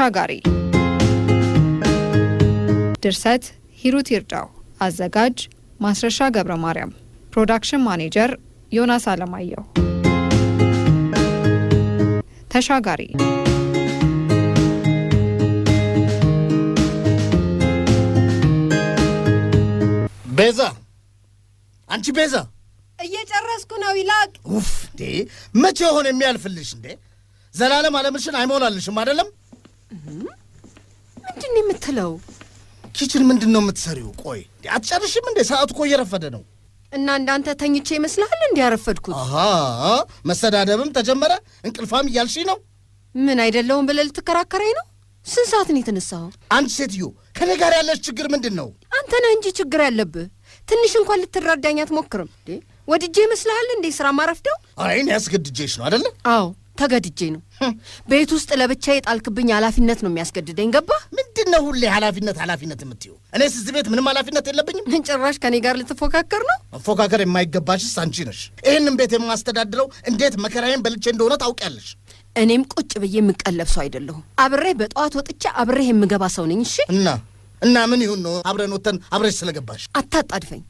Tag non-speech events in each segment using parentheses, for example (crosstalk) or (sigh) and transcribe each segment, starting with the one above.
ተሻጋሪ ድርሰት ሂሩት ይርዳው፣ አዘጋጅ ማስረሻ ገብረ ማርያም፣ ፕሮዳክሽን ማኔጀር ዮናስ አለማየሁ። ተሻጋሪ ቤዛ፣ አንቺ ቤዛ፣ እየጨረስኩ ነው። ይላቅ ውፍ እንዴ! መቼ የሆነ የሚያልፍልሽ እንዴ? ዘላለም አለምሽን አይሞላልሽም አይደለም ምንድን ነው የምትለው? ኪችን ምንድን ነው የምትሰሪው? ቆይ አትጨርሽም እንዴ? ሰዓቱ እኮ እየረፈደ ነው። እና እንዳንተ ተኝቼ ይመስልሃል እንዲ ያረፈድኩት? አሃ መሰዳደብም ተጀመረ። እንቅልፋም እያልሽ ነው። ምን አይደለውም ብለህ ልትከራከረኝ ነው? ስንት ሰዓት ነው የተነሳው? አንድ ሴትዮ ከኔ ጋር ያለች ችግር ምንድን ነው? አንተ ነህ እንጂ ችግር ያለብህ። ትንሽ እንኳን ልትረዳኝ አትሞክርም? ወድጄ ይመስልሃል እንዴ ስራ ማረፍደው? አይ እኔ ነው አደለ? አዎ ተገድጄ ነው። ቤት ውስጥ ለብቻ የጣልክብኝ ኃላፊነት ነው የሚያስገድደኝ። ገባ? ምንድን ነው ሁሌ ኃላፊነት ኃላፊነት የምትይው? እኔስ እዚህ ቤት ምንም ኃላፊነት የለብኝም። ጭራሽ ከኔ ጋር ልትፎካከር ነው? መፎካከር የማይገባሽስ አንቺ ነሽ። ይህንም ቤት የማስተዳድረው እንዴት መከራዬን በልቼ እንደሆነ ታውቂያለሽ። እኔም ቁጭ ብዬ የምቀለብ ሰው አይደለሁም። አብሬህ በጠዋት ወጥቼ አብሬህ የምገባ ሰው ነኝ። እሺ። እና እና ምን ይሁን ነው አብረን ወተን አብረሽ ስለገባሽ አታጣድፈኝ።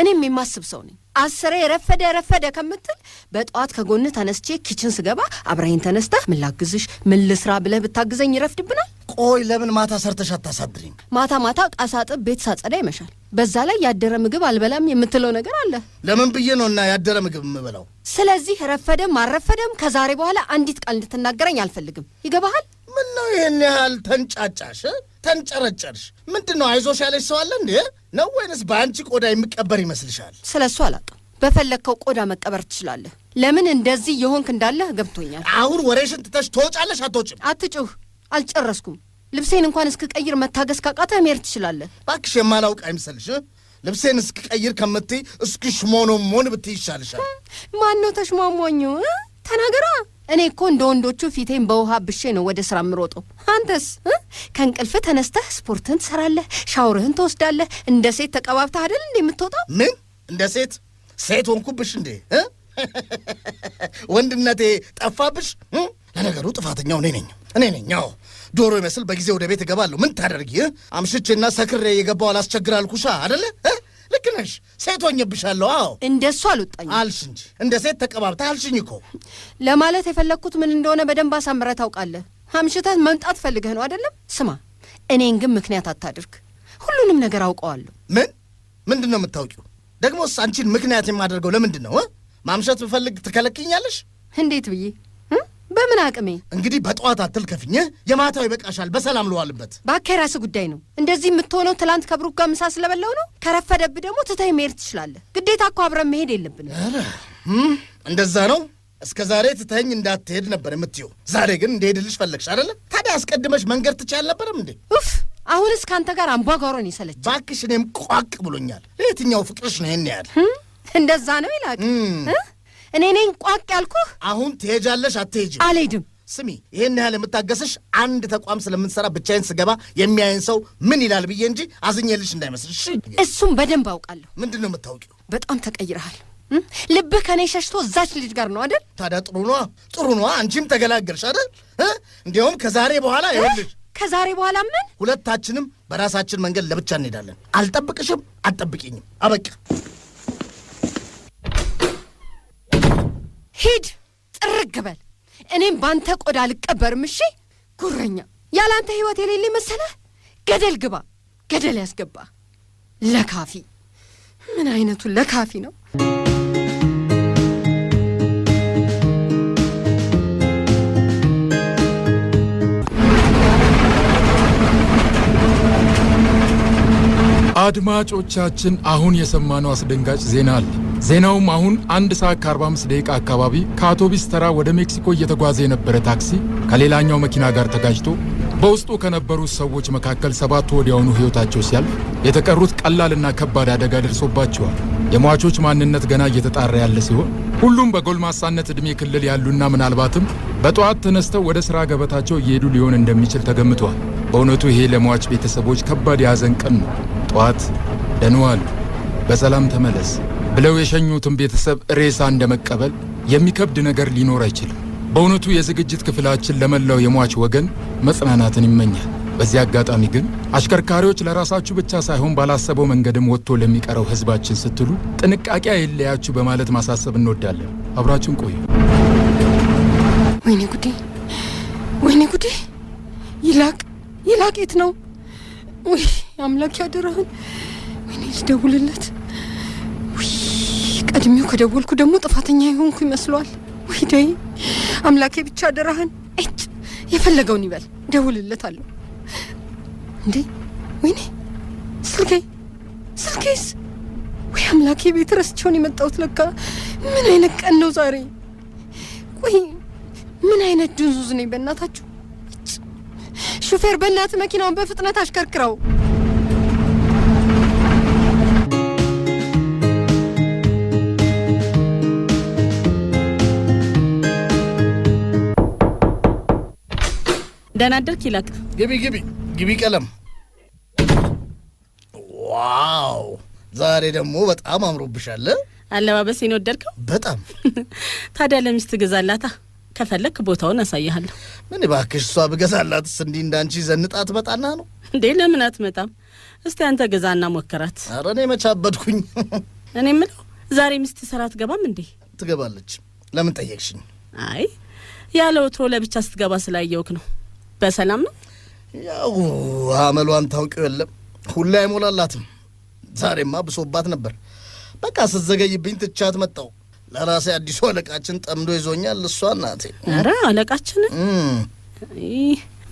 እኔም የማስብ ሰው ነኝ። አስሬ ረፈደ ረፈደ ከምትል በጠዋት ከጎን ተነስቼ ኪችን ስገባ አብራይን ተነስተህ ምን ላግዝሽ፣ ምን ልስራ ብለህ ብታግዘኝ ይረፍድብናል። ቆይ ለምን ማታ ሰርተሽ አታሳድሪኝ? ማታ ማታ ቃሳጥብ ቤት ሳጸዳ ይመሻል። በዛ ላይ ያደረ ምግብ አልበላም የምትለው ነገር አለ። ለምን ብዬ ነው እና ያደረ ምግብ የምበላው። ስለዚህ ረፈደም አረፈደም ከዛሬ በኋላ አንዲት ቃል እንድትናገረኝ አልፈልግም። ይገባሃል? ምን ነው ይህን ያህል ተንጫጫሽ? ተንጨረጨርሽ? ምንድን ነው አይዞሽ ያለሽ ሰው አለ እንዴ? ነው ወይንስ በአንቺ ቆዳ የሚቀበር ይመስልሻል? ስለ እሱ አላውቅም። በፈለግከው ቆዳ መቀበር ትችላለህ። ለምን እንደዚህ የሆንክ እንዳለህ ገብቶኛል። አሁን ወሬሽን ትተሽ ትወጫለሽ። አትወጭም? አትጩህ፣ አልጨረስኩም። ልብሴን እንኳን እስክቀይር መታገስ ካቃተህ መሄድ ትችላለህ። እባክሽ የማላውቅ አይምሰልሽ። ልብሴን እስክቀይር ከምትይ እስኪ ሽሞኖሞን ብትይ ይሻልሻል። ማን ነው ተሽሟሟኙ? ተናገራ እኔ እኮ እንደ ወንዶቹ ፊቴን በውሃ ብሼ ነው ወደ ስራ የምሮጠው። አንተስ ከእንቅልፍ ተነስተህ ስፖርትህን ትሰራለህ፣ ሻውርህን ትወስዳለህ። እንደ ሴት ተቀባብተህ አይደል እንዴ የምትወጣው? ምን እንደ ሴት ሴት ሆንኩብሽ እንዴ? (laughs) ወንድነቴ ጠፋብሽ? ለነገሩ ጥፋተኛው እኔ ነኝ እኔ ነኝ። ዶሮ ይመስል በጊዜ ወደ ቤት እገባለሁ። ምን ታደርጊ? አምሽቼና ሰክሬ የገባው አላስቸግር አልኩሻ አደለ ልክ ነሽ። ሴት ሆኜብሻለሁ። አዎ እንደሱ አልወጣኝም አልሽ እንጂ እንደ ሴት ተቀባብታ አልሽኝ እኮ። ለማለት የፈለግኩት ምን እንደሆነ በደንብ አሳምረ ታውቃለህ። አምሽተህ መምጣት ፈልገህ ነው አይደለም? ስማ፣ እኔን ግን ምክንያት አታድርግ። ሁሉንም ነገር አውቀዋለሁ። ምን ምንድን ነው የምታውቂው? ደግሞስ አንቺን ምክንያት የማደርገው ለምንድን ነው? ማምሸት ብፈልግ ትከለክኛለሽ? እንዴት ብዬ በምን አቅሜ እንግዲህ በጠዋት አትልከፍኝ፣ የማታው ይበቃሻል። በሰላም ለዋልበት ባካ፣ የራስ ጉዳይ ነው። እንደዚህ የምትሆነው ትላንት ከብሩክ ጋር ምሳ ስለበላው ነው። ከረፈደብ ደግሞ ትተህ መሄድ ትችላለህ። ግዴታ እኮ አብረን መሄድ የለብንም። እንደዛ ነው። እስከ ዛሬ ትተኝ እንዳትሄድ ነበር የምትይው። ዛሬ ግን እንደሄድልሽ ፈለግሽ አይደለ? ታዲያ አስቀድመሽ መንገድ ትቻ አልነበረም እንዴ? ኡፍ እስከ አንተ ጋር አምቧጓሮን የሰለች ባክሽ። እኔም ቋቅ ብሎኛል። ለየትኛው ፍቅርሽ ነው ይህን ያህል? እንደዛ ነው ይላቅ እኔ ነኝ ቋቅ ያልኩህ። አሁን ትሄጃለሽ አትሄጂ? አልሄድም። ስሚ ይህን ያህል የምታገስሽ አንድ ተቋም ስለምንሰራ ብቻዬን ስገባ የሚያይን ሰው ምን ይላል ብዬ እንጂ አዝኜልሽ እንዳይመስልሽ። እሱም በደንብ አውቃለሁ። ምንድን ነው የምታውቂው? በጣም ተቀይረሃል። ልብህ ከኔ ሸሽቶ እዛች ልጅ ጋር ነው አደል? ታዲያ ጥሩ ነዋ፣ ጥሩ ነዋ። አንቺም ተገላገልሽ አደል? እንዲያውም ከዛሬ በኋላ ይኸውልሽ ከዛሬ በኋላ ምን ሁለታችንም በራሳችን መንገድ ለብቻ እንሄዳለን። አልጠብቅሽም፣ አልጠብቂኝም። አበቃ። ሂድ ጥርግ በል። እኔም ባንተ ቆዳ አልቀበርም። እሺ ጉረኛ፣ ያላንተ ህይወት የሌለ መሰለህ? ገደል ግባ፣ ገደል ያስገባ ለካፊ። ምን አይነቱ ለካፊ ነው? አድማጮቻችን፣ አሁን የሰማነው አስደንጋጭ ዜና አለ። ዜናውም አሁን አንድ ሰዓት ከ45 ደቂቃ አካባቢ ከአውቶቢስ ተራ ወደ ሜክሲኮ እየተጓዘ የነበረ ታክሲ ከሌላኛው መኪና ጋር ተጋጅቶ በውስጡ ከነበሩ ሰዎች መካከል ሰባቱ ወዲያውኑ ሕይወታቸው ሲያልፍ የተቀሩት ቀላልና ከባድ አደጋ ደርሶባቸዋል። የሟቾች ማንነት ገና እየተጣራ ያለ ሲሆን ሁሉም በጎልማሳነት ዕድሜ ክልል ያሉና ምናልባትም በጠዋት ተነስተው ወደ ሥራ ገበታቸው እየሄዱ ሊሆን እንደሚችል ተገምቷል። በእውነቱ ይሄ ለሟች ቤተሰቦች ከባድ የሐዘን ቀን ነው። ጠዋት ደህና ዋሉ፣ በሰላም ተመለስ ብለው የሸኙትን ቤተሰብ ሬሳ እንደመቀበል የሚከብድ ነገር ሊኖር አይችልም። በእውነቱ የዝግጅት ክፍላችን ለመላው የሟች ወገን መጽናናትን ይመኛል። በዚህ አጋጣሚ ግን አሽከርካሪዎች ለራሳችሁ ብቻ ሳይሆን ባላሰበው መንገድም ወጥቶ ለሚቀረው ሕዝባችን ስትሉ ጥንቃቄ አይለያችሁ በማለት ማሳሰብ እንወዳለን። አብራችን ቆዩ። ወይኔ ጉዴ! ወይኔ ጉዴ! ይላቅ ይላቅ! የት ነው? ወይ አምላክ ያደራህን! ወይኔ ልደውልለት ቀድሜው ከደወልኩ ደግሞ ጥፋተኛ የሆንኩ ይመስሏል። ወይደይ አምላኬ ብቻ አደራህን። እጭ የፈለገውን ይበል፣ ደውልለት አለሁ። እንዴ ወይኔ ስልኬ ስልኬስ! ወይ አምላኬ ቤት ረስቸውን የመጣሁት ለካ። ምን አይነት ቀን ነው ዛሬ? ወይ ምን አይነት ድንዙዝ ነኝ በእናታችሁ! ሹፌር በእናት መኪናውን በፍጥነት አሽከርክረው። ደህና አደርክ ይላክ። ግቢ ግቢ ግቢ። ቀለም ዋው! ዛሬ ደግሞ በጣም አምሮብሻል። አለባበሴን ወደድከው? በጣም (laughs) ታዲያ ለሚስት ግዛላታ። ከፈለክ ቦታውን አሳይሃለሁ። ምን እባክሽ፣ እሷ ብገዛላትስ እንዲህ እንዳንቺ ዘንጣ ትመጣና ነው እንዴ? ለምን አትመጣም? እስቲ አንተ ገዛና ሞከራት። አረ እኔ መቻበድኩኝ። እኔ ምለው ዛሬ ሚስት ስራ አትገባም እንዴ? ትገባለች። ለምን ጠየቅሽኝ? አይ ያለ ወትሮ ለብቻ ስትገባ ስላየውክ ነው። በሰላም ነው? ያው አመሏን ታውቂው የለም ሁሌ አይሞላላትም። ዛሬማ ብሶባት ነበር። በቃ ስዘገይብኝ ትቻት መጣው። ለራሴ አዲሱ አለቃችን ጠምዶ ይዞኛል። እሷ እናቴ። ኧረ አለቃችንን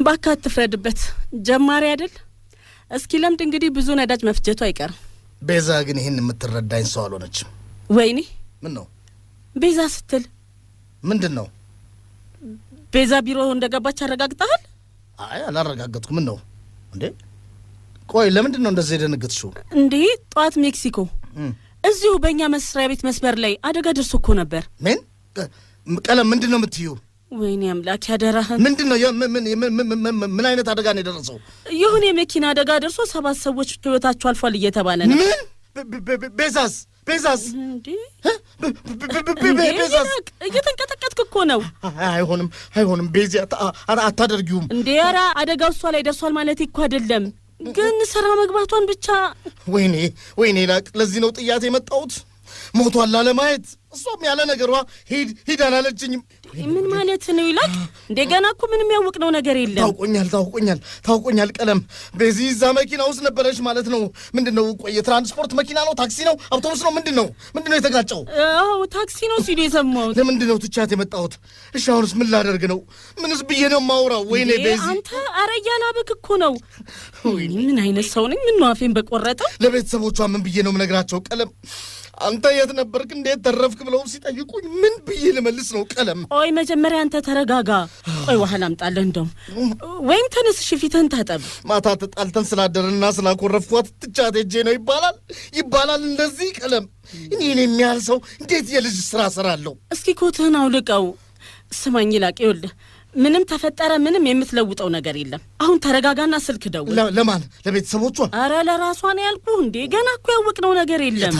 ባካ አትፍረድበት። ጀማሪ አይደል? እስኪ ለምድ እንግዲህ ብዙ ነዳጅ መፍጀቱ አይቀርም። ቤዛ ግን ይህን የምትረዳኝ ሰው አልሆነችም። ወይኔ ምን ነው ቤዛ ስትል ምንድን ነው? ቤዛ ቢሮ እንደገባች አረጋግጠሃል? አይ አላረጋገጥኩ። ምን ነው እንዴ? ቆይ ለምንድን ነው እንደዚህ የደነገጥሽው? እንዴ ጠዋት ሜክሲኮ እዚሁ በእኛ መስሪያ ቤት መስመር ላይ አደጋ ደርሶ እኮ ነበር። ምን ቀለም ምንድን ነው የምትዩ? ወይኔ አምላክ ያደራህን። ምንድን ነው ምን አይነት አደጋ ነው የደረሰው? የሆነ የመኪና አደጋ ደርሶ ሰባት ሰዎች ህይወታቸው አልፏል እየተባለ ነው። ምን ቤዛስ ቤዛስ ቤዛስ እኮ ነው። አይሆንም፣ አይሆንም ቤዚ አታደርጊውም። እንዴ! ኧረ አደጋው እሷ ላይ ደርሷል ማለት እኮ አይደለም፣ ግን ስራ መግባቷን ብቻ። ወይኔ ወይኔ ላቅ ለዚህ ነው ጥያት የመጣሁት ሞቷን ላለማየት። እሷም ያለ ነገሯ ሂድ ሂድ አላለችኝም። ምን ማለት ነው ይላል። እንደገና እኮ ምንም ያወቅነው ነገር የለም። ታውቆኛል፣ ታውቆኛል፣ ታውቆኛል። ቀለም በዚህ እዛ መኪና ውስጥ ነበረች ማለት ነው። ምንድን ነው? ቆይ የትራንስፖርት መኪና ነው? ታክሲ ነው? አውቶቡስ ነው? ምንድን ነው? ምንድን ነው የተጋጨው? አዎ ታክሲ ነው ሲሉ የሰማሁት። ለምንድን ነው ትቻት የመጣሁት? እሺ አሁንስ ምን ላደርግ ነው? ምንስ ብዬ ነው የማወራው? ወይኔ ቤዚ፣ አንተ አረ እያላበክ እኮ ነው። ምን አይነት ሰው ነኝ? ምን አፌን በቆረጠው። ለቤተሰቦቿ ምን ብዬ ነው የምነግራቸው? ቀለም አንተ የት ነበርክ፣ እንዴት ተረፍክ ብለውም ሲጠይቁኝ ምን ብዬ ልመልስ ነው? ቀለም ቆይ መጀመሪያ አንተ ተረጋጋ። ቆይ ውሃ ላምጣልህ እንደውም፣ ወይም ተነስ፣ እሺ ፊትህን ታጠብ። ማታ ተጣልተን ስላደርና ስላኮረፍኳት ትቻት ሄጄ ነው ይባላል ይባላል እንደዚህ። ቀለም እኔን የሚያህል ሰው እንዴት የልጅ ስራ ስራለሁ? እስኪ ኮትህን አውልቀው። ስማኝ ላቅ ይኸውልህ ምንም ተፈጠረ ምንም የምትለውጠው ነገር የለም። አሁን ተረጋጋና ስልክ ደውል። ለማን? ለቤተሰቦቿ? አረ ለራሷ ነው ያልኩ እንዴ። ገና እኮ ያወቅነው ነገር የለም።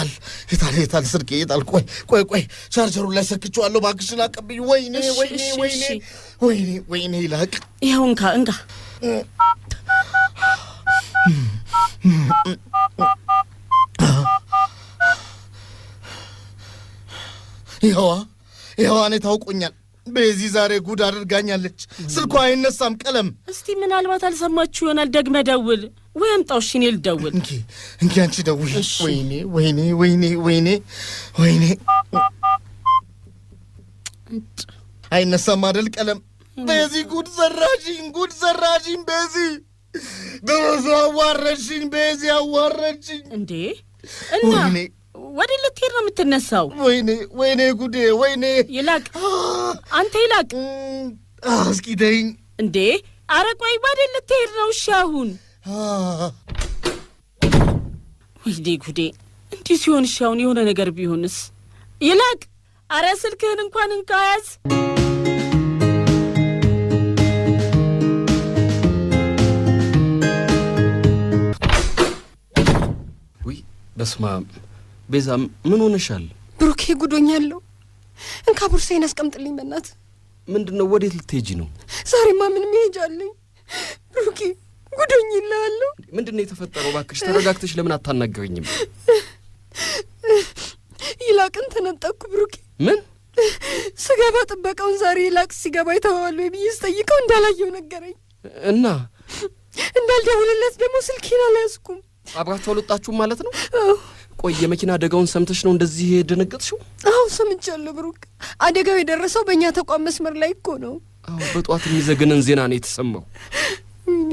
የታል የታል ስልክ የታል? ቆይ ቆይ ቆይ ቻርጀሩ ላይ ሰክቼዋለሁ። እባክሽን አቀብኝ። ወይኔ ወይኔ ወይኔ ወይኔ ወይኔ ይላቅ። ይኸው እንካ እንካ። ይኸዋ ይኸዋ እኔ ታውቆኛል በዚህ ዛሬ ጉድ አድርጋኛለች። ስልኳ አይነሳም። ቀለም እስቲ ምናልባት አልሰማችሁ ይሆናል። ደግመ ደውል ወይ አምጣው። እሺ እኔ ልደውል። እንኪ እንኪ አንቺ ደውይ። ወይኔ ወይኔ ወይኔ ወይኔ ወይኔ አይነሳም አደል ቀለም ቤዚ ጉድ ዘራሽኝ፣ ጉድ ዘራሽኝ። ቤዚ በበዙ አዋረሽኝ፣ ቤዚ አዋረሽኝ እንዴ እና ወደ ልትሄድ ነው የምትነሳው? ወይኔ ወይኔ ጉዴ ወይኔ! ይላቅ አንተ ይላቅ፣ እስኪ ተይኝ እንዴ! አረ ቆይ፣ ወደ ልትሄድ ነው? እሺ አሁን ወይኔ ጉዴ! እንዲህ ሲሆን እሺ አሁን የሆነ ነገር ቢሆንስ? ይላቅ፣ አረ ስልክህን እንኳን እንካ ያዝ። በስመ አብ ቤዛ ምን ሆነሻል? ብሩኬ ጉዶኛለሁ። እንካ ቡርሳዬን አስቀምጥልኝ በእናትህ። ምንድን ነው? ወዴት ልትሄጂ ነው? ዛሬማ ምንም ይሄጃለኝ። ብሩኬ ጉዶኝ ይለዋለሁ። ምንድን ነው የተፈጠረው? ባክሽ ተረጋግተሽ ለምን አታናገረኝም? ይላቅን ተነጠቅኩ ብሩኬ። ምን ስገባ ጥበቃውን ዛሬ ይላቅ ሲገባ የተባባሉ ብዬ ስጠይቀው እንዳላየው ነገረኝ እና እንዳልደውልለት ደግሞ ስልኬን አልያዝኩም። አብራችሁ አልወጣችሁም ማለት ነው? ቆይ የመኪና አደጋውን ሰምተሽ ነው እንደዚህ የደነገጥሽው? አዎ ሰምቻለሁ ብሩክ። አደጋው የደረሰው በእኛ ተቋም መስመር ላይ እኮ ነው። አዎ በጠዋት የሚዘገነን ዜና ነው የተሰማው። እኔ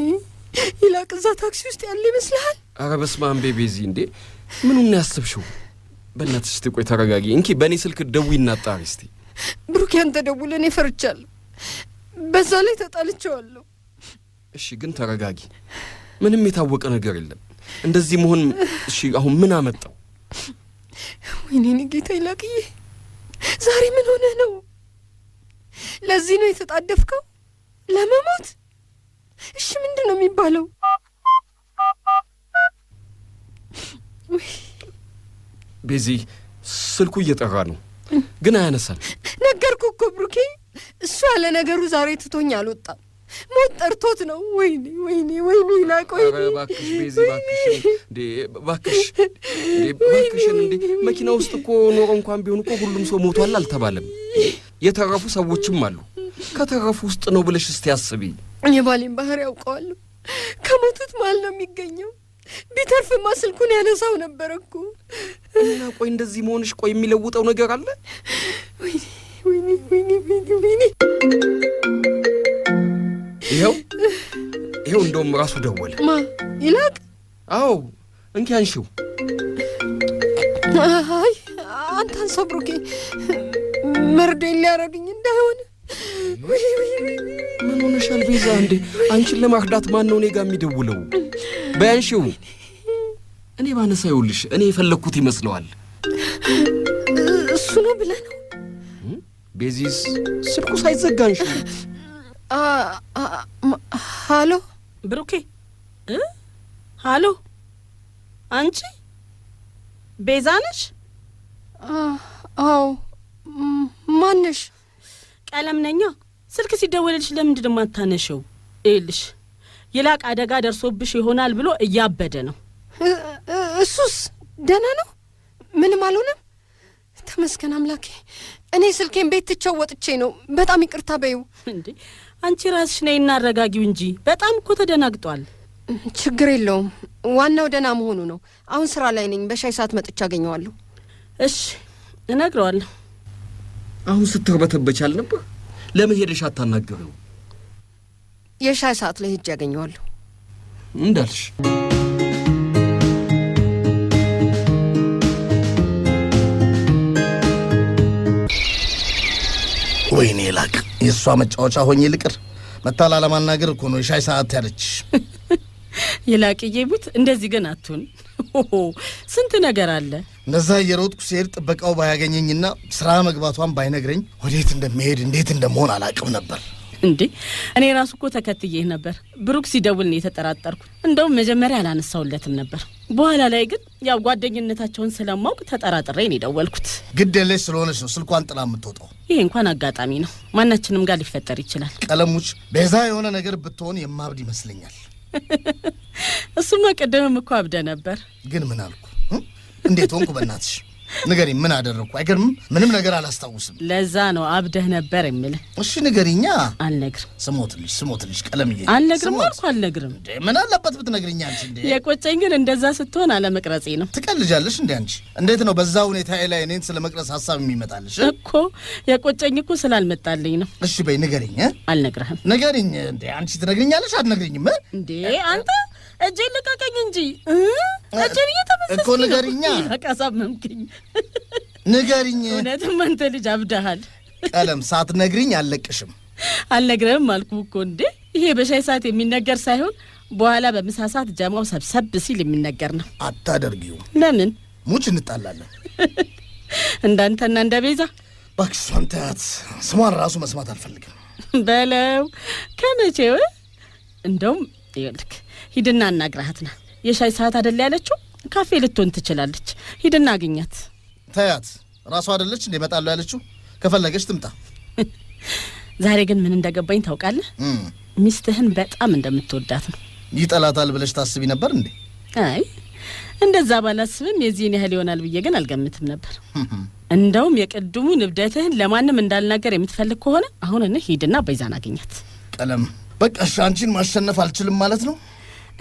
ይላቅ እዛ ታክሲ ውስጥ ያለ ይመስልሃል? አረ በስመ አብ እንዴ ምኑን ነው ያስብሽው? በእናትሽ እስቲ ቆይ ተረጋጊ። እንኪ በእኔ ስልክ ደዊ እናጣሪ እስቲ። ብሩክ ያንተ ደውል፣ እኔ ፈርቻለሁ። በዛ ላይ ተጣልቼዋለሁ። እሺ ግን ተረጋጊ፣ ምንም የታወቀ ነገር የለም። እንደዚህ መሆን እሺ፣ አሁን ምን አመጣው? ወይኔ ጌታ ይላቅዬ፣ ዛሬ ምን ሆነ ነው? ለዚህ ነው የተጣደፍከው? ለመሞት? እሺ፣ ምንድን ነው የሚባለው? ቤዚ፣ ስልኩ እየጠራ ነው ግን አያነሳል። ነገርኩ እኮ ብሩኬ፣ እሱ ያለ ነገሩ ዛሬ ትቶኝ አልወጣም። ሞት ጠርቶት ነው። ወይኔ ወይኔ ወይኔ ይላቅ ወይኔ ቤዚ እንዴ መኪና ውስጥ እኮ ኖሮ እንኳን ቢሆን እኮ ሁሉም ሰው ሞቷል አልተባለም። የተረፉ ሰዎችም አሉ። ከተረፉ ውስጥ ነው ብለሽ እስቲ አስቢ። የባሌን ባህሪ ያውቀዋለሁ። ከሞቱት መሃል ነው የሚገኘው። ቢተርፍማ ስልኩን ያነሳው ነበር እኮ እና ቆይ እንደዚህ መሆንሽ ቆይ የሚለውጠው ነገር አለ ወይ እንደውም ራሱ ደወለ። ማ ይላቅ? አዎ እንኪ አንሺው። አይ አንተ አንሳው ብሩኬ፣ መርዶኝ ሊያረግኝ እንዳይሆን። ምን ሆነሻል ቤዛ? እንዴ አንቺን ለማክዳት ማን ነው እኔ ጋር የሚደውለው? በያንሺው። እኔ ባነሳ ይውልሽ እኔ የፈለግኩት ይመስለዋል። እሱ ነው ብለህ ነው ቤዚስ? ስልኩ ሳይዘጋ አንሺው። ሃሎ ብሩኬ ሀሎ አሎ አንቺ ቤዛ ነሽ? አዎ ማነሽ? ቀለም ነኛ። ስልክ ሲደወልልሽ ለምንድን ነው ይልሽ የላቅ አደጋ ደርሶብሽ ይሆናል ብሎ እያበደ ነው። እሱስ ደህና ነው፣ ምንም አልሆነም። ተመስገን አምላኬ። እኔ ስልኬን ቤት ትቸው ወጥቼ ነው። በጣም ይቅርታ በይው። እንዴ አንቺ ራስሽ ነይ እናረጋጊው እንጂ በጣም እኮ ተደናግጧል። ችግር የለውም ዋናው ደህና መሆኑ ነው። አሁን ስራ ላይ ነኝ። በሻይ ሰዓት መጥቼ አገኘዋለሁ። እሺ እነግረዋለሁ። አሁን ስትርበተበች አልነበር? ለምን ሄደሽ አታናገረው? የሻይ ሰዓት ላይ ሄጄ አገኘዋለሁ እንዳልሽ ወይኔ ላቅ የእሷ መጫወቻ ሆኜ ልቅር። መታላ ለማናገር እኮ ነው የሻይ ሰዓት ያለች (laughs) የላቅዬ ቡት። እንደዚህ ግን አትሁን፣ ስንት ነገር አለ። እንደዛ እየሮጥኩ ሲሄድ ጥበቃው ባያገኘኝና ስራ መግባቷን ባይነግረኝ ወዴት እንደሚሄድ እንዴት እንደመሆን አላቅም ነበር። እንዴ እኔ ራሱ እኮ ተከትዬህ ነበር። ብሩክ ሲደውል ነው የተጠራጠርኩት። እንደውም መጀመሪያ አላነሳውለትም ነበር። በኋላ ላይ ግን ያው ጓደኝነታቸውን ስለማውቅ ተጠራጥሬ ነው የደወልኩት። ግድ የለሽ ስለሆነች ነው ስልኳን ጥላ የምትወጣው። ይሄ እንኳን አጋጣሚ ነው፣ ማናችንም ጋር ሊፈጠር ይችላል። ቀለሙች በዛ የሆነ ነገር ብትሆን የማብድ ይመስለኛል። (laughs) እሱማ ቅድምም እኮ አብደ ነበር። ግን ምን አልኩ? እንዴት ሆንኩ በእናትሽ ንገሪኝ፣ ምን አደረግኩ? አይገርምም? ምንም ነገር አላስታውስም። ለዛ ነው አብደህ ነበር የምልህ። እሺ ንገሪኛ። አልነግርም። ስሞትልሽ፣ ስሞትልሽ ቀለምዬ። አልነግርም አልኩ፣ ቀለም አልነግርም። ምን አለበት ብትነግሪኛ አንቺ። እንዴ የቆጨኝ ግን እንደዛ ስትሆን አለመቅረጼ ነው። ትቀልጃለሽ እንዴ አንቺ። እንዴት ነው በዛ ሁኔታ ላይ እኔን ስለ መቅረጽ ሀሳብ የሚመጣልሽ? እኮ የቆጨኝ እኮ ስላልመጣልኝ ነው። እሺ በይ ንገሪኝ። አልነግርህም። ንገሪኝ። እንዴ አንቺ ትነግርኛለሽ አትነግርኝም? እንዴ አንተ እጄ ልቀቀኝ እንጂ እጄን እየተመሰስ እኮ ንገሪኛ። አሳመምክኝ። ንገሪኝ። እውነትም አንተ ልጅ አብደሃል። ቀለም ሳት ነግሪኝ አልለቅሽም። አልነግረህም አልኩ እኮ እንዴ። ይሄ በሻይ ሰዓት የሚነገር ሳይሆን በኋላ በምሳ ሰዓት ጀማው ሰብሰብ ሲል የሚነገር ነው። አታደርጊውም። ለምን? ሙች እንጣላለን። (laughs) እንዳንተና እንደ ቤዛ እባክሽ። ተያት። ስሟን ራሱ መስማት አልፈልግም። በለው ከመቼው እንደውም ይወልክ ሂድና አናግራት የሻይ ሰዓት አደለ ያለችው ካፌ ልትሆን ትችላለች። ሂድና አግኛት። ተያት ራሷ አደለች እንደ እመጣለሁ ያለችው። ከፈለገች ትምጣ። (laughs) ዛሬ ግን ምን እንደገባኝ ታውቃለህ? ሚስትህን በጣም እንደምትወዳት ነው። ይጠላታል ብለሽ ታስቢ ነበር እንዴ? አይ እንደዛ ባላስብም የዚህን ያህል ይሆናል ብዬ ግን አልገምትም ነበር። እንደውም የቅድሙ ንብደትህን ለማንም እንዳልናገር የምትፈልግ ከሆነ አሁን እኔ ሂድና በይዛን አግኛት። ቀለም በቃ እሺ፣ አንቺን ማሸነፍ አልችልም ማለት ነው።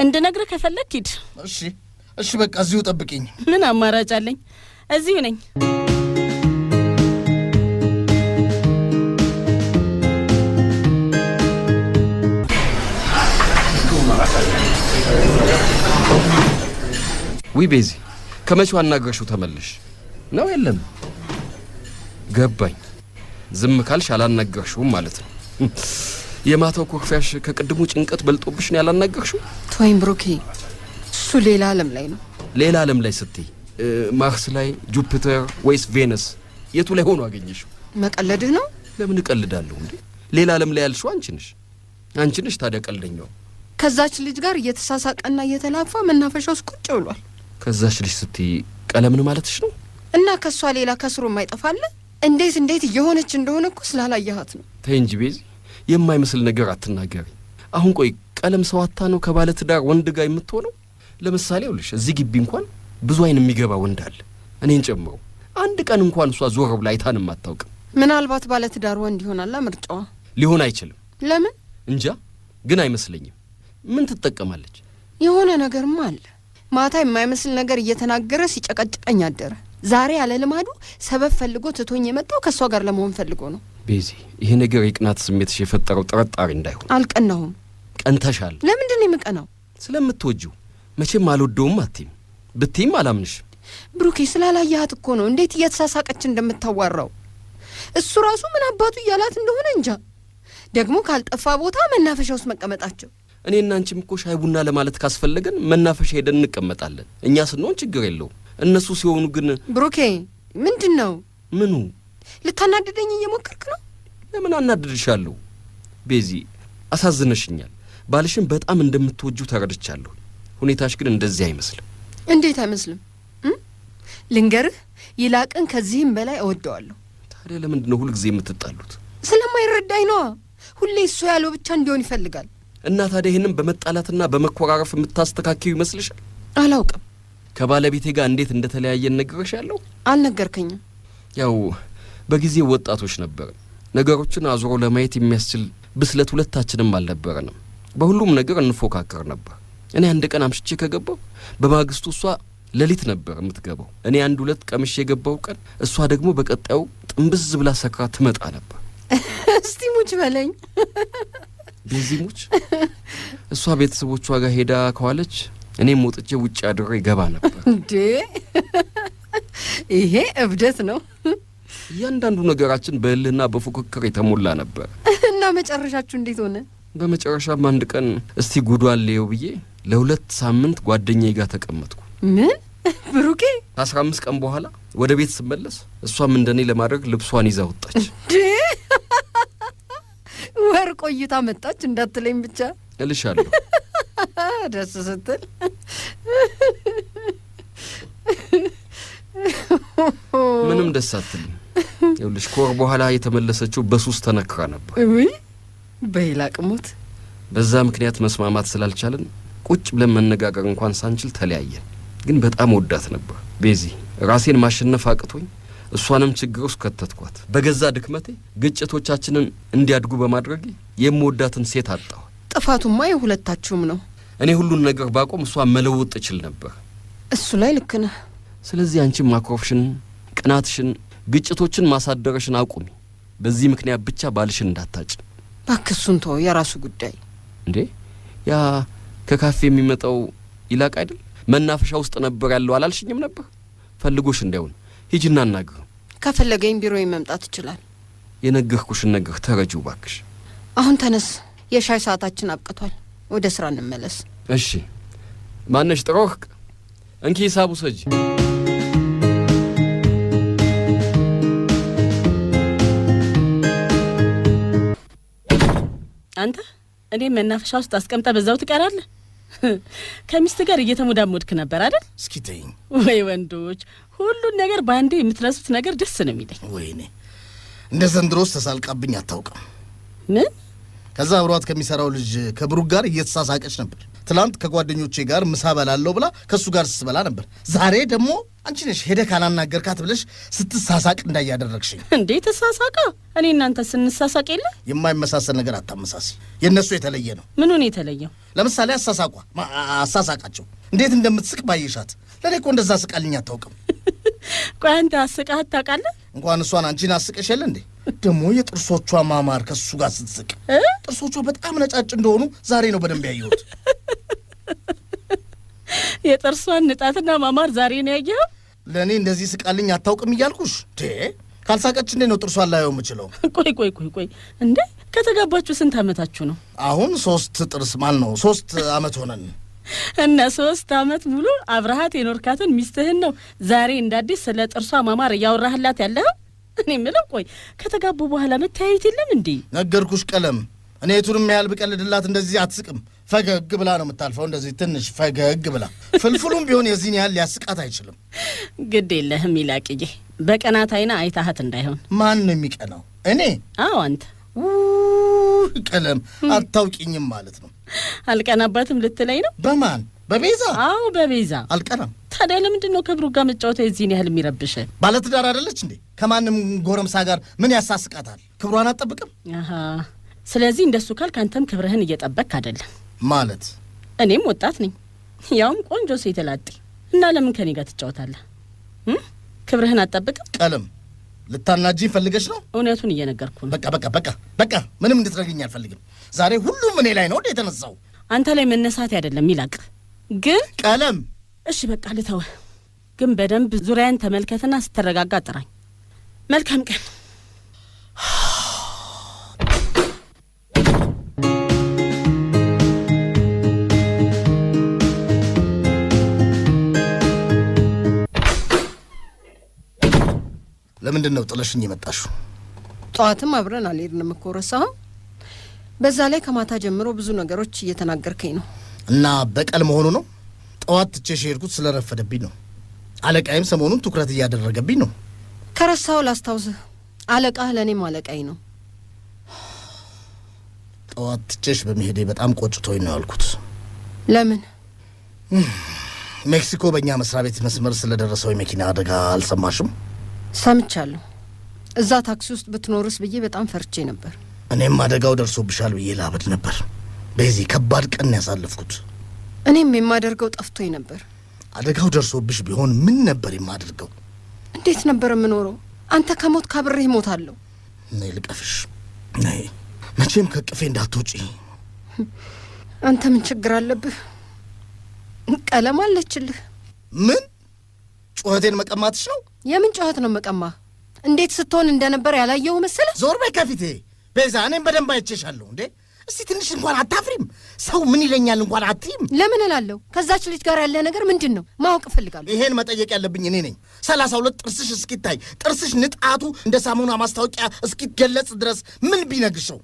እንድነግርህ ከፈለግ ሂድ። እሺ እሺ፣ በቃ እዚሁ ጠብቅኝ። ምን አማራጭ አለኝ? እዚሁ ነኝ። ውይ ቤዚ፣ ከመቼው አናገርሽው ተመለሽ ነው? የለም ገባኝ። ዝም ካልሽ አላናገርሽውም ማለት ነው። የማታው ኮርፊያሽ ከቅድሙ ጭንቀት በልጦብሽ ነው ያላናገርሽው? ቶይን ብሩኬ፣ እሱ ሌላ ዓለም ላይ ነው። ሌላ ዓለም ላይ ስትይ ማርስ ላይ ጁፒተር ወይስ ቬነስ የቱ ላይ ሆኖ አገኘሽው? መቀለድህ ነው። ለምን እቀልዳለሁ እንዴ? ሌላ ዓለም ላይ ያልሽው አንቺ ነሽ። አንቺ ነሽ ታዲያ ቀልደኛው። ከዛች ልጅ ጋር እየተሳሳቀና እየተላፋ መናፈሻ ውስጥ ቁጭ ብሏል። ከዛች ልጅ ስትይ ቀለምን ማለትሽ ነው? እና ከእሷ ሌላ ከስሩ የማይጠፋለን። እንዴት እንዴት እየሆነች እንደሆነ እኮ ስላላየሃት ነው። ተይ እንጂ ቤዚ የማይመስል ነገር አትናገሪ። አሁን ቆይ ቀለም ሰዋታ ነው ከባለትዳር ወንድ ጋር የምትሆነው? ለምሳሌ ውልሽ እዚህ ግቢ እንኳን ብዙ አይን የሚገባ ወንድ አለ፣ እኔን ጨምሮ። አንድ ቀን እንኳን እሷ ዞር ብላ አይታንም አታውቅም። ምናልባት ባለትዳር ወንድ ይሆናላ ምርጫዋ። ሊሆን አይችልም። ለምን? እንጃ ግን አይመስለኝም። ምን ትጠቀማለች? የሆነ ነገርማ አለ። ማታ የማይመስል ነገር እየተናገረ ሲጨቀጭቀኝ አደረ። ዛሬ ያለ ልማዱ ሰበብ ፈልጎ ትቶኝ የመጣው ከእሷ ጋር ለመሆን ፈልጎ ነው። ቤዚ፣ ይህ ነገር የቅናት ስሜትሽ የፈጠረው ጥርጣሬ እንዳይሆን። አልቀናሁም። ቀንተሻል። ለምንድን ነው የምቀናው? ስለምትወጂው። መቼም አልወደውም አትይም፣ ብትይም አላምንሽም። ብሩኬ፣ ስላላየሃት እኮ ነው እንዴት እየተሳሳቀች እንደምታዋራው። እሱ ራሱ ምን አባቱ እያላት እንደሆነ እንጃ። ደግሞ ካልጠፋ ቦታ መናፈሻ ውስጥ መቀመጣቸው እኔ እና አንቺም እኮ ሻይ ቡና ለማለት ካስፈለገን መናፈሻ ሄደን እንቀመጣለን። እኛ ስንሆን ችግር የለውም፣ እነሱ ሲሆኑ ግን ብሩኬ፣ ምንድን ነው ምኑ ልታናድደኝ እየሞከርክ ነው? ለምን አናድድሻለሁ? ቤዚ አሳዝነሽኛል። ባልሽን በጣም እንደምትወጁ ተረድቻለሁ። ሁኔታሽ ግን እንደዚህ አይመስልም። እንዴት አይመስልም? ልንገርህ፣ ይላቅን ከዚህም በላይ እወደዋለሁ። ታዲያ ለምንድን ነው ሁልጊዜ የምትጣሉት? ስለማይረዳኝ ነዋ። ሁሌ እሱ ያለው ብቻ እንዲሆን ይፈልጋል። እና ታዲያ ይህንም በመጣላትና በመኮራረፍ የምታስተካክዩ ይመስልሻል? አላውቅም። ከባለቤቴ ጋር እንዴት እንደተለያየን ነግሬሻለሁ? አልነገርከኝም። ያው በጊዜ ወጣቶች ነበርን። ነገሮችን አዙሮ ለማየት የሚያስችል ብስለት ሁለታችንም አልነበረንም። በሁሉም ነገር እንፎካከር ነበር። እኔ አንድ ቀን አምሽቼ ከገባው በማግስቱ እሷ ሌሊት ነበር የምትገባው። እኔ አንድ ሁለት ቀምሼ የገባው ቀን እሷ ደግሞ በቀጣዩ ጥንብዝ ብላ ሰክራ ትመጣ ነበር። (laughs) እስቲ ሙች በለኝ (laughs) ቤዚ ሙች። እሷ ቤተሰቦቿ ጋር ሄዳ ከዋለች፣ እኔም ወጥቼ ውጭ አድሬ ገባ ነበር። እንዴ (laughs) ይሄ እብደት ነው። እያንዳንዱ ነገራችን በእልህና በፉክክር የተሞላ ነበር። (laughs) እና መጨረሻችሁ እንዴት ሆነ? በመጨረሻም አንድ ቀን እስቲ ጉዷ አለየው ብዬ ለሁለት ሳምንት ጓደኛዬ ጋር ተቀመጥኩ። ምን (laughs) ብሩኬ? ከአስራ አምስት ቀን በኋላ ወደ ቤት ስመለስ እሷም እንደኔ ለማድረግ ልብሷን ይዛ ወጣች። (laughs) ወር ቆይታ መጣች እንዳትለኝ ብቻ እልሻለሁ። ደስ ስትል ምንም ደስ አትልም። ይኸውልሽ ከወር በኋላ የተመለሰችው በሱስ ተነክራ ነበር። በይላቅ ሞት። በዛ ምክንያት መስማማት ስላልቻለን ቁጭ ብለን መነጋገር እንኳን ሳንችል ተለያየን። ግን በጣም ወዳት ነበር ቤዚ። ራሴን ማሸነፍ አቅቶኝ እሷንም ችግር ውስጥ ከተትኳት። በገዛ ድክመቴ ግጭቶቻችንን እንዲያድጉ በማድረግ የምወዳትን ሴት አጣሁ። ጥፋቱማ የሁለታችሁም ነው። እኔ ሁሉን ነገር ባቆም እሷ መለወጥ እችል ነበር። እሱ ላይ ልክ ነህ። ስለዚህ አንቺ ማኮርፍሽን፣ ቅናትሽን ግጭቶችን ማሳደረሽን አቁሚ። በዚህ ምክንያት ብቻ ባልሽን እንዳታጭ። እባክህ እሱን የራሱ ጉዳይ። እንዴ ያ ከካፌ የሚመጣው ይላቅ አይደል? መናፈሻ ውስጥ ነበር ያለው አላልሽኝም ነበር? ፈልጎሽ እንዳይሆን ሂጂና አናግር። ከፈለገኝ ቢሮ መምጣት ይችላል። የነገርኩሽን ነገር ተረጂው ባክሽ። አሁን ተነስ፣ የሻይ ሰዓታችን አብቅቷል። ወደ ስራ እንመለስ። እሺ። ማነሽ ጥሩ እንኪ ሂሳቡ አንተ እኔ መናፈሻ ውስጥ አስቀምጠ በዛው ትቀራለህ። (laughs) ከሚስት ጋር እየተሞዳሞድክ ነበር አይደል? እስኪ ተይኝ። ወይ ወንዶች ሁሉን ነገር በአንዴ የምትረሱት ነገር ደስ ነው የሚለኝ። ወይኔ እንደ ዘንድሮስ ተሳልቃብኝ አታውቅም። ምን? ከዛ አብሯት ከሚሰራው ልጅ ከብሩክ ጋር እየተሳሳቀች ነበር። ትላንት ከጓደኞቼ ጋር ምሳ በላለሁ ብላ ከእሱ ጋር ስትበላ ነበር። ዛሬ ደግሞ አንቺ ነሽ ሄደህ ካላናገርካት ብለሽ ስትሳሳቅ እንዳያደረግሽ። እንዴት ተሳሳቃ? እኔ እናንተ ስንሳሳቅ የለ የማይመሳሰል ነገር አታመሳሲ። የእነሱ የተለየ ነው። ምኑን የተለየው? ለምሳሌ አሳሳቋ አሳሳቃቸው እንዴት እንደምትስቅ ባየሻት። ለእኔ እኮ እንደዛ ስቃልኝ አታውቅም። (laughs) ቆይ አንተ አስቀህ አታውቃለህ? እንኳን እሷን አንቺን አስቀሽ የለ እንዴ ደግሞ የጥርሶቿ ማማር ከሱ ጋር ስትስቅ ጥርሶቿ በጣም ነጫጭ እንደሆኑ ዛሬ ነው በደንብ ያየሁት። (laughs) የጥርሷን ንጣትና ማማር ዛሬ ነው ያየኸው? ለእኔ እንደዚህ ስቃልኝ አታውቅም እያልኩሽ ካልሳቀች እንዴ ነው ጥርሷን ላየው የምችለው? (laughs) ቆይ ቆይ ቆይ ቆይ እንዴ ከተጋባችሁ ስንት አመታችሁ ነው? አሁን ሶስት ጥርስ ማል ነው ሶስት አመት ሆነን (laughs) እና ሶስት አመት ሙሉ አብረሃት የኖርካትን ሚስትህን ነው ዛሬ እንዳዲስ ስለ ጥርሷ ማማር እያወራህላት ያለኸው? እኔ የምለው ቆይ ከተጋቡ በኋላ መተያየት የለም እንዴ? ነገርኩሽ ቀለም፣ እኔ የቱንም ያህል ብቀልድላት እንደዚህ አትስቅም። ፈገግ ብላ ነው የምታልፈው። እንደዚህ ትንሽ ፈገግ ብላ ፍልፍሉም ቢሆን የዚህን ያህል ሊያስቃት አይችልም። ግድ የለህም ይላቅዬ፣ በቀናት አይና አይታሀት እንዳይሆን። ማን ነው የሚቀናው? እኔ? አዎ አንተ። ቀለም አታውቂኝም ማለት ነው። አልቀናባትም ልትለኝ ነው? በማን በቤዛ አዎ፣ በቤዛ አልቀረም። ታዲያ ለምንድን ነው ከብሩ ጋር መጫወታ የዚህን ያህል የሚረብሸ? ባለትዳር አደለች እንዴ? ከማንም ጎረምሳ ጋር ምን ያሳስቃታል? ክብሯን አትጠብቅም። ስለዚህ እንደሱ ካልክ አንተም ክብርህን እየጠበቅክ አይደለም ማለት። እኔም ወጣት ነኝ፣ ያውም ቆንጆ ሴት ላጤ እና ለምን ከኔ ጋር ትጫወታለህ? ክብርህን አትጠብቅም። ቀለም ልታናጂ ፈልገች ነው? እውነቱን እየነገርኩ ነው። በቃ በቃ በቃ በቃ፣ ምንም እንድትረግኝ አልፈልግም። ዛሬ ሁሉም እኔ ላይ ነው የተነሳው። አንተ ላይ መነሳት አይደለም ይላቅ ግን ቀለም እሺ፣ በቃ ልተወ። ግን በደንብ ዙሪያን ተመልከትና ስትረጋጋ ጥራኝ። መልካም ቀን። ለምንድን ነው ጥለሽኝ የመጣሽው? ጠዋትም አብረን አልሄድንም እኮ ረሳኸው? በዛ ላይ ከማታ ጀምሮ ብዙ ነገሮች እየተናገርከኝ ነው። እና በቀል መሆኑ ነው። ጠዋት ትቼሽ የሄድኩት ስለረፈደብኝ ነው። አለቃይም ሰሞኑን ትኩረት እያደረገብኝ ነው። ከረሳው ላስታውስህ፣ አለቃህ ለእኔም አለቃይ ነው። ጠዋት ትቼሽ በመሄዴ በጣም ቆጭቶኝ ነው ያልኩት። ለምን? ሜክሲኮ በእኛ መስሪያ ቤት መስመር ስለደረሰው የመኪና አደጋ አልሰማሽም? ሰምቻለሁ። እዛ ታክሲ ውስጥ ብትኖርስ ብዬ በጣም ፈርቼ ነበር። እኔም አደጋው ደርሶብሻል ብዬ ላበድ ነበር። በዚህ ከባድ ቀን ያሳለፍኩት። እኔም የማደርገው ጠፍቶኝ ነበር። አደጋው ደርሶብሽ ቢሆን ምን ነበር የማደርገው? እንዴት ነበር የምኖረው? አንተ ከሞት ካብሬህ እሞታለሁ። ነይ ልቀፍሽ። ነይ መቼም ከቅፌ እንዳትወጪ። አንተ ምን ችግር አለብህ? ቀለም አለችልህ። ምን ጩኸቴን መቀማትሽ ነው? የምን ጩኸት ነው መቀማ? እንዴት ስትሆን እንደነበር ያላየው መሰለህ? ዞር በይ ከፊቴ ቤዛ። እኔም በደንብ አይቼሻለሁ እንዴ እስቲ ትንሽ እንኳን አታፍሪም? ሰው ምን ይለኛል እንኳን አትሪም? ለምን እላለሁ። ከዛች ልጅ ጋር ያለ ነገር ምንድን ነው ማወቅ እፈልጋለሁ። ይሄን መጠየቅ ያለብኝ እኔ ነኝ። ሰላሳ ሁለት ጥርስሽ እስኪታይ ጥርስሽ ንጣቱ እንደ ሳሙና ማስታወቂያ እስኪገለጽ ድረስ ምን ቢነግሸው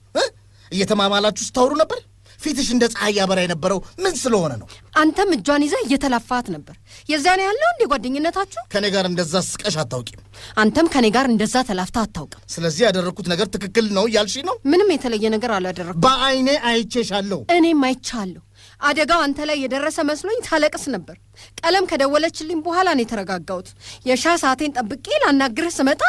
እየተማማላችሁ ስታወሩ ነበር? ፊትሽ እንደ ፀሐይ ያበራ የነበረው ምን ስለሆነ ነው? አንተም እጇን ይዘህ እየተላፋት ነበር። የዚያን ያለው እንዴ ጓደኝነታችሁ? ከኔ ጋር እንደዛ ስቀሽ አታውቂም። አንተም ከኔ ጋር እንደዛ ተላፍታ አታውቅም። ስለዚህ ያደረግኩት ነገር ትክክል ነው እያልሽ ነው? ምንም የተለየ ነገር አላደረግኩም። በአይኔ አይቼሻለሁ። እኔም አይቻለሁ። አደጋው አንተ ላይ የደረሰ መስሎኝ ታለቅስ ነበር። ቀለም ከደወለችልኝ በኋላ ነው የተረጋጋሁት። የሻ ሰዓቴን ጠብቄ ላናግርህ ስመጣ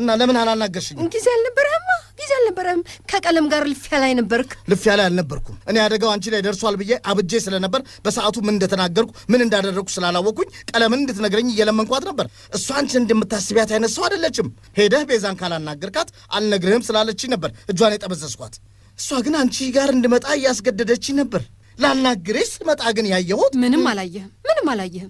እና ለምን አላናገርሽኝ? ጊዜ አልነበረህማ፣ ጊዜ አልነበረህም። ከቀለም ጋር ልፊያ ላይ ነበርክ። ልፊያ ላይ አልነበርኩም። እኔ አደጋው አንቺ ላይ ደርሷል ብዬ አብጄ ስለነበር በሰዓቱ ምን እንደተናገርኩ ምን እንዳደረግኩ ስላላወቅኩኝ ቀለምን እንድትነግረኝ እየለመንኳት ነበር። እሷ አንቺን እንደምታስቢያት አይነት ሰው አይደለችም። ሄደህ ቤዛን ካላናገርካት አልነግርህም ስላለችኝ ነበር እጇን የጠመዘዝኳት። እሷ ግን አንቺ ጋር እንድመጣ እያስገደደች ነበር። ላናግሬሽ ስመጣ ግን ያየሁት ምንም አላየህም፣ ምንም አላየህም።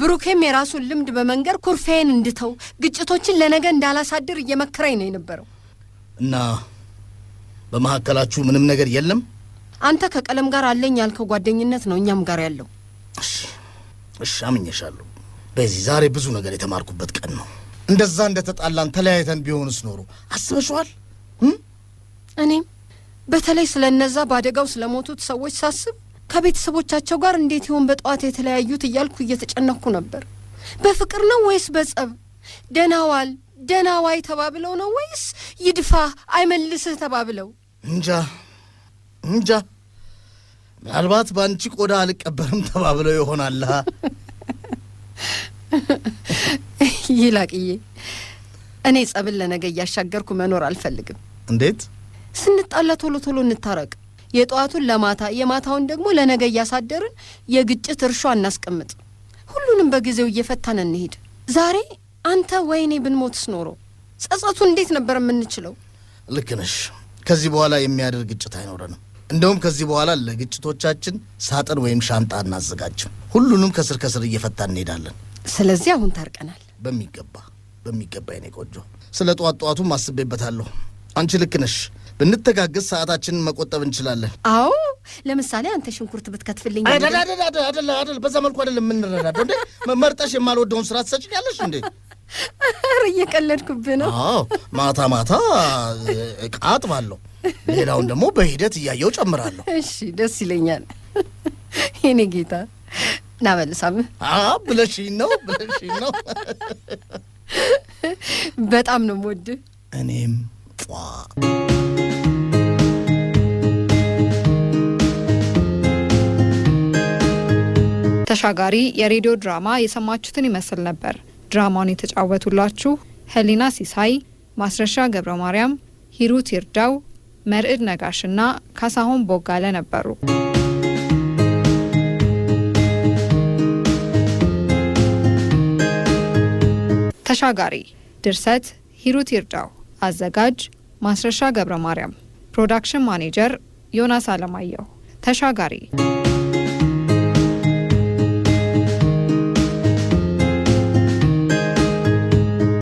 ብሩኬም የራሱን ልምድ በመንገር ኩርፌን እንድተው ግጭቶችን ለነገ እንዳላሳድር እየመከረኝ ነው የነበረው። እና በመካከላችሁ ምንም ነገር የለም? አንተ ከቀለም ጋር አለኝ ያልከው ጓደኝነት ነው እኛም ጋር ያለው። እሺ አምኜሻለሁ። በዚህ ዛሬ ብዙ ነገር የተማርኩበት ቀን ነው። እንደዛ እንደተጣላን ተለያይተን ቢሆንስ ኖሮ አስበሽዋል? እኔም በተለይ ስለነዛ በአደጋው ስለሞቱት ሰዎች ሳስብ ከቤተሰቦቻቸው ጋር እንዴት ይሆን በጠዋት የተለያዩት እያልኩ እየተጨነኩ ነበር። በፍቅር ነው ወይስ በጸብ? ደናዋል ደናዋይ ተባብለው ነው ወይስ ይድፋ አይመልስህ ተባብለው? እንጃ እንጃ። ምናልባት በአንቺ ቆዳ አልቀበርም ተባብለው ይሆናል ይላቅዬ። እኔ ጸብን ለነገ እያሻገርኩ መኖር አልፈልግም። እንዴት ስንጣላ ቶሎ ቶሎ እንታረቅ። የጠዋቱን ለማታ የማታውን ደግሞ ለነገ እያሳደርን የግጭት እርሾ አናስቀምጥ። ሁሉንም በጊዜው እየፈታን እንሄድ። ዛሬ አንተ ወይኔ ብንሞትስ ኖሮ ጸጸቱ እንዴት ነበር የምንችለው? ልክ ነሽ። ከዚህ በኋላ የሚያድር ግጭት አይኖረንም። እንደውም ከዚህ በኋላ ለግጭቶቻችን ሳጥን ወይም ሻንጣ እናዘጋጅም ሁሉንም ከስር ከስር እየፈታን እንሄዳለን። ስለዚህ አሁን ታርቀናል። በሚገባ በሚገባ የኔ ቆንጆ። ስለ ጠዋት ጠዋቱም አስቤበታለሁ። አንቺ ልክ ነሽ። ብንተጋገዝ ሰዓታችንን መቆጠብ እንችላለን። አዎ ለምሳሌ አንተ ሽንኩርት ብትከትፍልኝ። አይደለ አይደል አይደል አይደል፣ በዛ መልኩ አይደለም የምንረዳደው እንዴ። መርጠሽ የማልወደውን ስራ ትሰጭኛለሽ እንዴ? ኧረ እየቀለድኩብህ ነው። አዎ ማታ ማታ እቃ አጥባለሁ፣ ሌላውን ደግሞ በሂደት እያየው ጨምራለሁ። እሺ ደስ ይለኛል። የኔ ጌታ ናበልሳም ብለሽኝ ነው ብለሽኝ ነው። በጣም ነው የምወድህ እኔም ጧ ተሻጋሪ የሬዲዮ ድራማ የሰማችሁትን ይመስል ነበር። ድራማውን የተጫወቱላችሁ ህሊና ሲሳይ፣ ማስረሻ ገብረ ማርያም፣ ሂሩት ይርዳው፣ መርዕድ ነጋሽና ካሳሁን ቦጋለ ነበሩ። ተሻጋሪ ድርሰት ሂሩት ይርዳው፣ አዘጋጅ ማስረሻ ገብረ ማርያም፣ ፕሮዳክሽን ማኔጀር ዮናስ አለማየሁ። ተሻጋሪ